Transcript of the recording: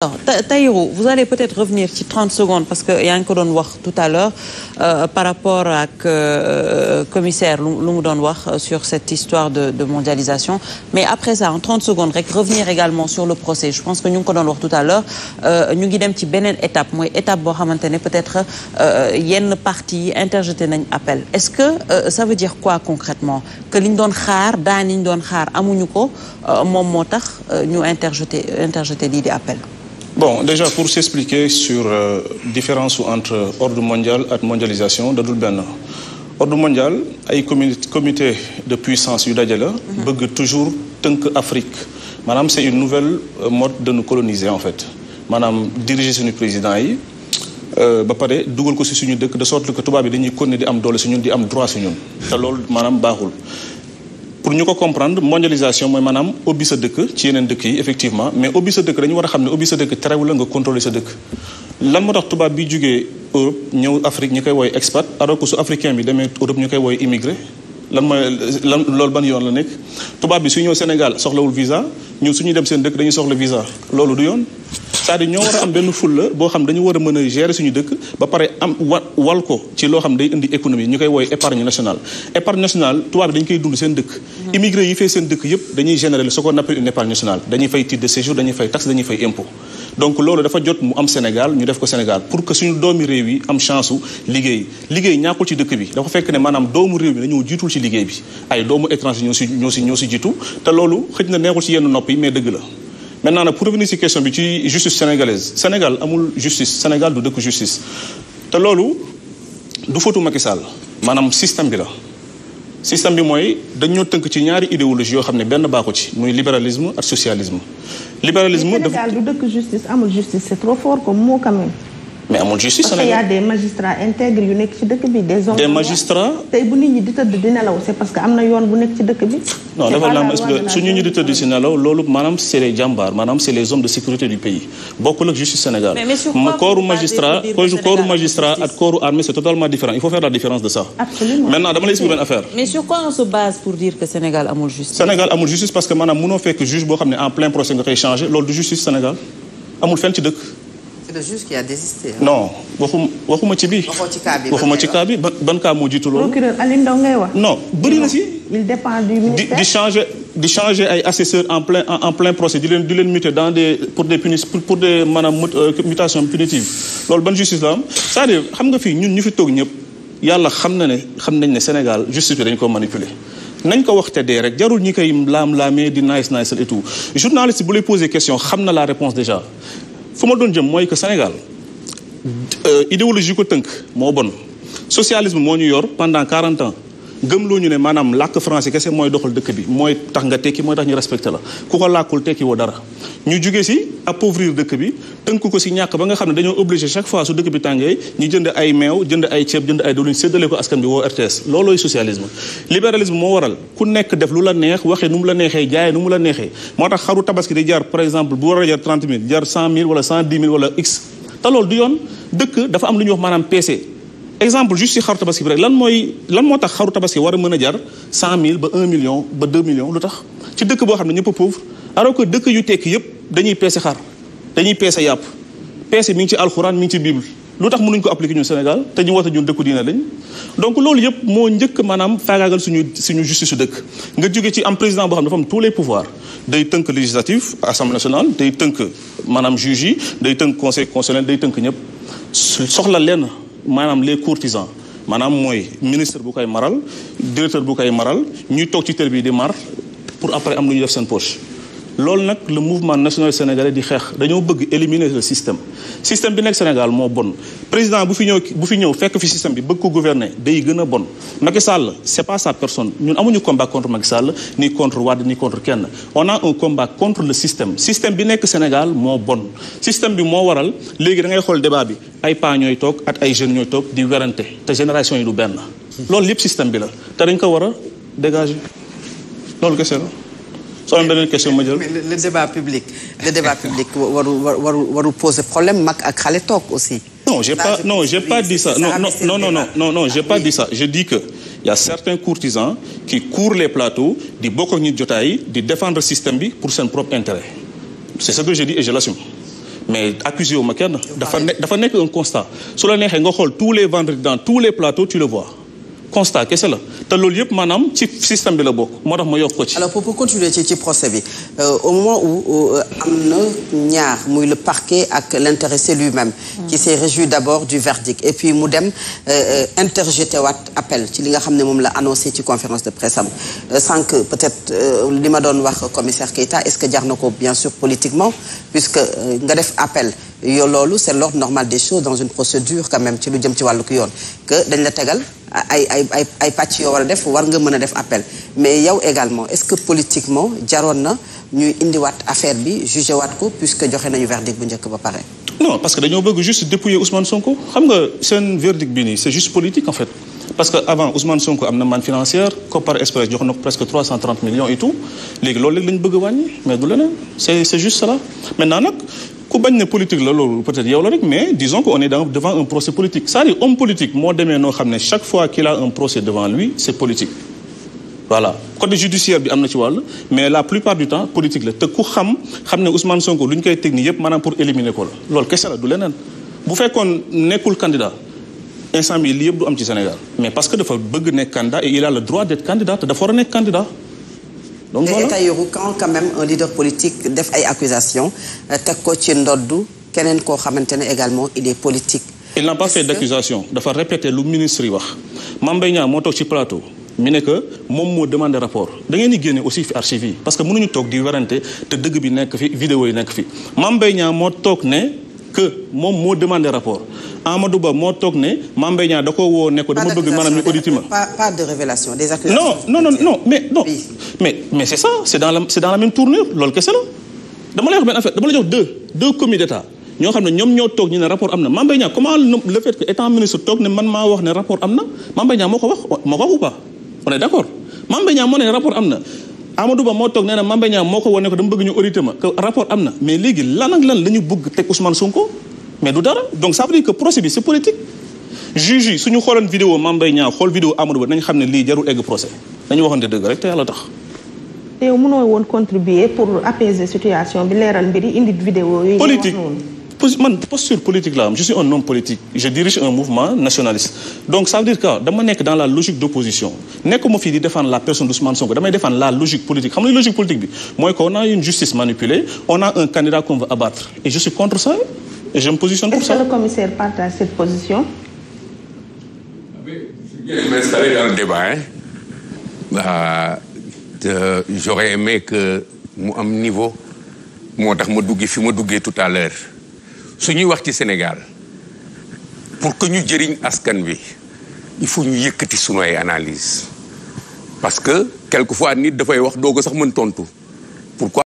alors Tahirou vous allez peut-être revenir ci 30 secondes parce que yaa ngi ko doon wax tout à l'heure euh, par rapport ak euh, commissaire lu mu doon wax euh, sur cette histoire de de mondialisation mais après ça en 30 secondes rek revenir également sur le procès je pense que ñu ngi ko doon wax tout à l'heure euh, ñu ngi dem ci beneen étape mooy étape boo xamante ne peut-être yenn partie interjeté nañ appel est-ce que euh, ça veut dire quoi concrètement que li ñu doon xaar daan li doon xaar amuñu ko moom moo tax ñu interjeté interjeté lii di appel Bon, déjà pour s'expliquer sur euh, différence entre ordre mondial ak mondialisation dadul benn ordu mondial ay comité de puissance yu dajale mhm. bëgg toujours tënk Afrique maanaam c'est une nouvelle euh, mode de nous coloniser en fait maanaam diriger suñu président yi euh, ba pare dugal ko ci suñu dëkk de sorte que tubaab yi dañuy continuer di am doole ci ñun di am droit ci te loolu maanaam baaxul. pour ñu ko comprendre mondialisation mooy maanaam ubbi sa dëkk ci yeneen dëkk yi effectivement mais ubbi sa dëkk dañu war a xam ne ubbi sa dëkk terewu nga contrôler sa dëkk lan moo tax tubaab bi jógee Europe ñëw Afrique ñu koy wooy expat alors que su africain bi demee Europe ñu koy wooy immigré lan mooy lan loolu ban yoon la nekk tubaab bi su ñëw Sénégal soxlawul visa ñun suñuy dem seen dëkk dañu soxla visa loolu du yoon cest à ñoo war a am benn fulla boo xam dañu war a mën a gérer suñu dëkk ba pare am wa wal ko ci loo xam day indi économie ñu koy wooy épargne nationale épargne nationale tubaab bi dañu koy dund seen dëkk mm-hmm. immigré yi fee seen dëkk yëpp dañuy générer ce qu'on appelle une épargne nationale dañuy fay titre de séjour dañuy fay taxe dañuy fay impôt donc loolu dafa jot mu am Sénégal ñu def ko Sénégal pour que suñu doomi réew yi am chance u liggéey liggéey ñàkkul ci dëkk bi dafa fekk ne maanaam doomu réew mi dañoo jiitul ci liggéey bi ay doomu étranger ñoo si si ñoo si te loolu xëj na neexul ci yenn nopp yi mais dëgg la maintenant nag pour ci question bi ci justice sénégalaise Sénégal amul justice Sénégal du dëkk justice te loolu du fautu Macky Sall maanaam système bi la système bi mooy dañoo tënk ci ñaari idéologie yoo xam ne benn baaxu ci muy libéralisme ak socialisme libéralisme Sénégal du dëkk justice amul justice c'est trop fort comme mot quand mais amul justice. parce que y a des magistrats intègres yu nekk ci dëkk bi. des hommes des magistrats. tey bu nit ñi di tëdd di nelaw c'est parce que am na yoon bu nekk ci dëkk bi. non dafa la su ñu ñu di tëdd si nelaw loolu maanaam c'est les jàmbaar maanaam c'est les hommes de sécurité du pays bokkul ak justice Sénégal. mais monsieur kooru magistrat kooru magistrat ak kooru armée c'est totalement différent il faut faire la différence de ça. absolument maintenant dama lay expliquer benn affaire. mais sur quoi on se base pour dire que Sénégal amul justice. Sénégal amul justice parce que maanaam mënoo fekk juge boo xam ne en plein procès nga koy changer loolu du justice Sénégal amul fenn ci dëkk c'est le juge qui a waxuma ci bi waxoo ci waxuma ci cas bi ban ban cas moo jiitu loolu. procureur Alioune wax. non bëri na si. il dépend di changer ay assesseurs en plein en plein procès di leen di leen muter dans des pour des punis pour des maanaam euh, mutation punitive loolu ban justice la am cest xam nga fii ñun ñu fi toog ñëpp yàlla xam na ne xam nañ ne Sénégal justice bi dañ ko manipuler. nañ ko waxte dee rek jarul ñi koy laam-laamee di nice nice et tout journaliste bu lay poser question xam na la réponse déjà fu ma doon jëm mooy que Sénégal euh, idéologie ko tënk moo bon socialisme moo ñu yor pendant 40 ans gëm gëmloo ñu ne maanaam làkk français kese mooy doxal dëkk bi mooy tax nga tekki mooy tax ñu respecté la ku ko làkkul tekki woo dara ñu jóge si appauvrir dëkk bi tënk ko si ñàkk ba nga xam ne dañoo obligé chaque fois su dëkk bi tàngee ñu jënd ay meew jënd ay ceeb jënd ay diwlin séddale ko askan bi woo RTS loolooy socialisme libéralisme moo waral ku nekk def lu la neex waxee nu mu la neexee jaayee nu mu la neexee moo tax xaru tabaski di jar par exemple bu war a jar 30 000 jar 100 000 wala 110 000 loolu du yoon dëkk dafa am lu ñuy wax maanaam PC exemple juste si xaru tabaski bi rek lan mooy lan moo tax xaru tabaski war a mën a jar cent mille ba un million ba deux millions lu tax ci dëkk boo xam ne ñëpp a pauvre alors que dëkk yu tekki yëpp dañuy peese xar dañuy peese yàpp peese mi ngi ci alxuraan mi ngi ci bible lu tax mënuñ ko appliquer ñun Sénégal te ñu woote ñu dëkku diina lañ donc loolu yëpp moo njëkk maanaam faagaagal suñu suñu justice su dëkk nga jóge ci am président boo xam ne dafa am tous les pouvoirs day tënk législatif assemblée nationale day tënk maanaam juge yi day tënk conseil constitutionnel day tënk ñëpp soxla lenn maanaam les courtisans maanaam mooy ministre bu koy maral directeur bu koy maral ñuy toog ci tër bi di mar pour après am lu ñu def seen poche loolu nag le mouvement national sénégalais di xeex dañoo bëgg éliminer le système système bi nekk Sénégal moo bon président bu fi ñëw bu fi ñëw fekk fi système bi bëgg ko gouverner day gën a bon Macky Sall c'est pas sa personne ñun amuñu combat contre Macky ni contre Wade ni contre kenn on a un combat contre le système système bi nekk Sénégal moo bon système bi moo waral léegi da ngay xool débat bi ay pa ñooy toog ak ay jeunes ñooy toog di werante te génération yi du benn loolu lépp système bi la te dañ ko war a dégager loolu kese soo beneen question ma jël le débat public le débat public waru waru waru poser problème mag ak xale toog aussi. non j'ai pas non j'ai pas dit ça non non non non j'ai pas dit ça je dis que y a certains courtisans qui courent les plateaux di bokk ak ñu jotaay di défendre système bi pour seen propre intérêt c'est ce que je dis et je l'assume mais accusé wu ma kenn dafa nekk dafa nekk un constat su la neexee nga xool tous les vendredis dans tous les plateaux tu le vois constat kese la te loolu yëpp maanaam ci système bi la bokk moo tax ma yokk ko ci. alors pour pour continuer ci ci procès bi euh, au moment où euh, am na ñaar muy le parquet ak l'intéressé lui-même. qui s'est réjoui d'abord du verdict et puis mu dem euh, interjeté waat appel ci li nga xam ne moom la annoncé ci conférence de presse sans que peut-être li ma doon wax commissaire Keita est-ce que jaar na ko bien sûr politiquement puisque nga def appel. loolu c'est l'ordre normal des choses dans une procédure quand ci lu jëm ci wàllu ko yoon que dañ la tegal ay ay ay yoo war a def war nga mën a def appel mais yow également est-ce que politiquement jaroon na ñuy indiwaat affaire bi jugé waat ko puisque joxe nañu verdict bu njëkk ba pare non parce que dañoo bëgg juste dépouiller Ousmane Sonko xam nga seen verdict bi nii c'est juste politique en fait parce que avant Ousmane Sonko am na manne financière Copar Express jox na presque 330 et tout léegi loolu léegi la bëgg a wàññi mais du leneen c'est c'est juste cela maintenant nag ku bañ ne politique la loolu peut-être la rek mais disons que on est dans devant un procès politique c'est-à-dire homme politique moo demee noo xam ne chaque fois qu'il a na ci wàll mais la plupart du temps politique la te ku xam xam ne Ousmane Sonko lu ñu koy technique yépp maanaam pour éliminer ko la loolu kese la du leneen bu fekkoon nekkul candidat instant bi lii yëpp du am ci Sénégal mais parce que dafa bëgg nekk candidat et il a le droit d'être candidat te dafa war a nekk candidat donc voilà mais Tahirou un leader politique def ay accusations euh, teg ko ci ndoddu keneen koo xamante ne également il est politique. il n'a pas fait d'accusation dafa répéter lu ministre yi wax Mame Mbaye Niang moo toog ci plateau. mu ne que moom moo demandé rapport da ngeen di génne aussi fi archives parce que mënuñu toog di werante te dëgg bi nekk fi vidéo yi nekk fi Mame Mbaye moo toog ne. que moom moo demandé rapport Amadou Ba moo toog ne Mame Mbaye da ko woo ne ko dama bëgg maanaam ñu audité ma pas de révélation des accusations non non non non mais mais c'est ça c'est dans la c'est dans la même tournure loolu la dama benn affaire dama lay jox deux deux commis d'état ñoo xam ne ñoom ñoo toog ñu ne rapport am na Mame Mbaye Niang comment le fait que étant ministre toog ne man maa wax ne rapport am na Mame Mbaye moo ko wax moo ko wax ou pas on d'accord Mame Mbaye Niang moo ne rapport am na amadu Ba moo toog nee na Mame Mbaye moo ko wane ko dama bëgg ñu auditer ma rapport am na mais léegi lan ak lan la ñu bëgg teg Ousmane Sonko mais du dara donc ça veut dire que procès bi c'est politique juge yi suñu xooloon vidéo Mame Mbaye xool vidéo Amadou Ba nañ xam ne lii jarul egg procès dañu waxante dëgg rek te yàlla tax te yow mënoo woon contribuer pour apaiser situation bi leeral mbiri indi vidéo yooyu politique man posture politique la am je suis un homme politique je dirige un mouvement nationaliste donc ça veut dire que dama nekk dans la logique d'opposition nekkuma fii di défendre la personne d'Ousmane Sonko damay défendre la logique politique xam nga logique politique bi mooy que on a une justice manipulée on a un candidat qu'on veut abattre et je suis contre ça et je pour ça. le commissaire partage cette position? m'installer dans le débat hein euh, j'aurais aimé mu am niveau moo tax ma duggee fi ma duggee tout à su ñuy wax ci Sénégal pour que ñu jëriñ askan bi il faut ñu yëkkati sunu ay analyse parce que quelquefois nit dafay wax doo sax mën tontu pourquoi